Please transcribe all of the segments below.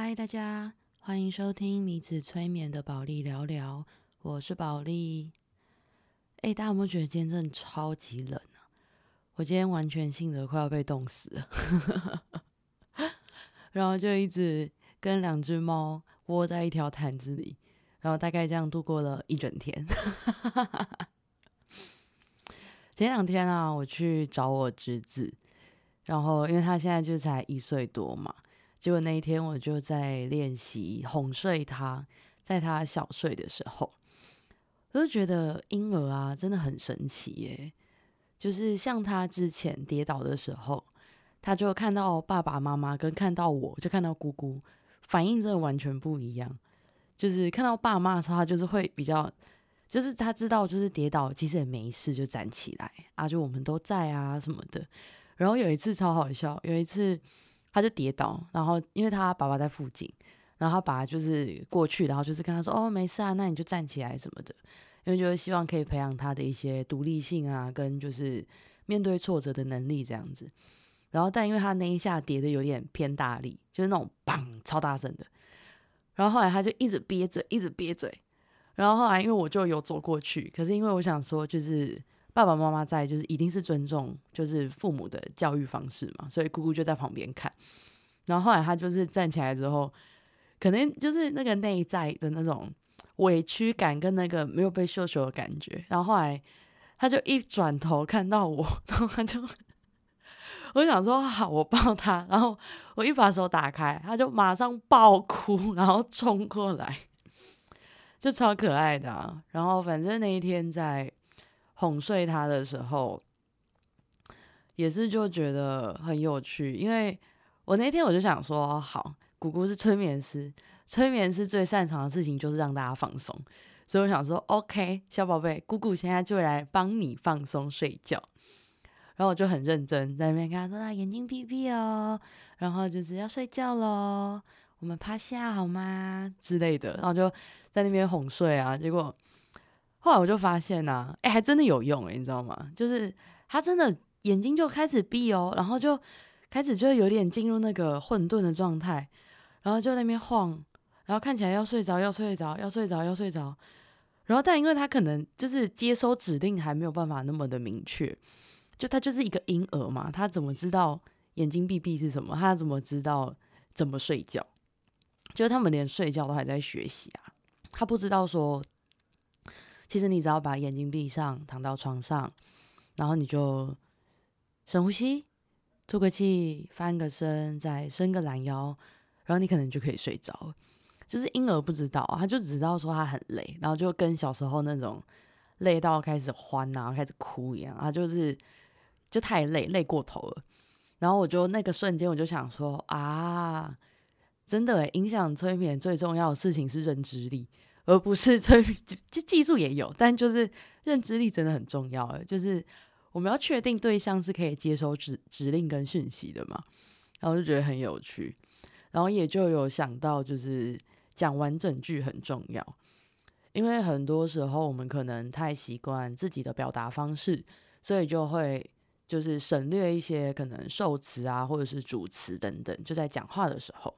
嗨，大家歡迎收聽迷子催眠的寶莉聊聊，我是寶莉。哎，大家有沒有覺得今天真的超級冷啊！我今天完全性的快要被凍死了， 然後就一直跟兩隻貓窩窩在一條毯子裡，然後大概這樣度過了一整天。 前兩天啊，我去找我侄子，然後因為他現在就才一歲多嘛。結果那一天我就在練習哄睡他，在他小睡的時候，我就覺得嬰兒啊真的很神奇耶！就是像他之前跌倒的時候，他就看到爸爸媽媽跟看到我就看到姑姑，反應真的完全不一樣。就是看到爸媽的時候，他就是會比較，就是他知道就是跌倒其實也沒事，就站起來啊，就我們都在啊什麼的。然後有一次超好笑，有一次。他就跌倒，然後因為他爸爸在附近，然後他爸就是過去，然後就是跟他說：“哦，沒事啊，那你就站起來什麼的。”因為就是希望可以培養他的一些獨立性啊，跟就是面對挫折的能力這樣子。然後，但因為他那一下跌得有點偏大力，就是那種“砰”超大聲的。然後後來他就一直憋嘴，一直憋嘴。然後後來因為我就有走過去，可是因為我想說就是。爸爸媽媽在，就是一定是尊重，就是父母的教育方式嘛。所以姑姑就在旁邊看。然後後來他就是站起來之後，可能就是那個內在的那種委屈感跟那個沒有被秀秀的感覺。然後後來他就一轉頭看到我，然後他就，我想說好，我抱他。然後我一把手打開，他就馬上爆哭，然後衝過來，就超可愛的啊。然後反正那一天在。哄睡他的時候，也是就覺得很有趣，因為我那天我就想說，好，姑姑是催眠師，催眠師最擅長的事情，就是讓大家放鬆，所以我想說，OK，小寶貝，姑姑現在就來幫你放鬆睡覺。然後我就很認真在那邊跟他說，他眼睛閉閉哦，然後就是要睡覺嘍，我們趴下好嗎？之類的，然後就在那邊哄睡啊，結果。後來我就發現吶、啊，哎、欸，還真的有用，誒，你知道嗎？就是他真的眼睛就開始閉哦，然後就開始就有點進入那個混沌的狀態，然後就在那邊晃，然後看起來要睡着，要睡着，要睡着，要睡着，然後但因為他可能就是接收指令還沒有辦法那麼的明確，就他就是一個嬰兒嘛，他怎麼知道眼睛閉閉是什麼？他怎麼知道怎麼睡覺？就是他們連睡覺都還在學習啊，他不知道說。其實你只要把眼睛閉上，躺到床上，然後你就深呼吸，吐個氣，翻個身，再伸個懶腰，然後你可能就可以睡着。就是嬰兒不知道，他就只知道說他很累，然後就跟小時候那種累到開始歡啊，然後開始哭一樣，他就是就太累，累過頭了。然後我就那個瞬間我就想說啊，真的，影響催眠最重要的事情是認知力。而不是催眠，就就技術也有，但就是認知力真的很重要誒。就是我們要確定對象是可以接收指指令跟訊息的嘛。然後就覺得很有趣，然後也就有想到，就是講完整句很重要，因為很多時候我們可能太習慣自己的表達方式，所以就會就是省略一些可能受詞啊，或者是主詞等等，就在講話的時候。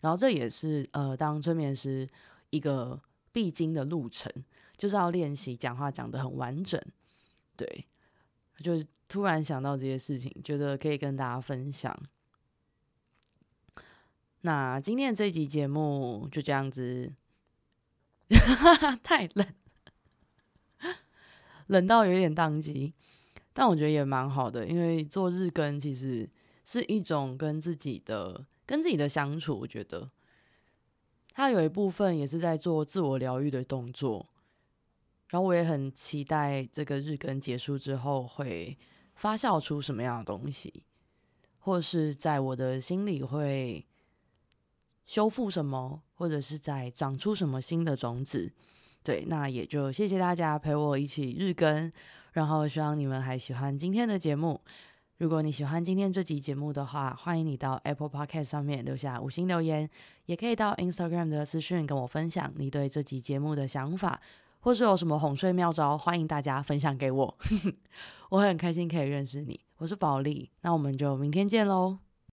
然後這也是呃，當催眠師一個。必經的路程就是要練習講話講得很完整，對，就是突然想到這些事情，覺得可以跟大家分享。那今天的這集節目就這樣子， 太冷，冷到有點當機，但我覺得也蠻好的，因為做日更其實是一種跟自己的跟自己的相處，我覺得。它有一部分也是在做自我療癒的動作，然後我也很期待這個日更結束之後會發酵出什麼樣的東西，或是在我的心裡會修復什麼，或者是在長出什麼新的種子。對，那也就謝謝大家陪我一起日更，然後希望你們還喜歡今天的節目。如果你喜歡今天這集節目的話，歡迎你到 Apple Podcast 上面留下五星留言，也可以到 Instagram 的私訊跟我分享你對這集節目的想法，或是有什麼哄睡妙招，歡迎大家分享給我。 我很開心可以認識你，我是寶莉，那我們就明天見嘍。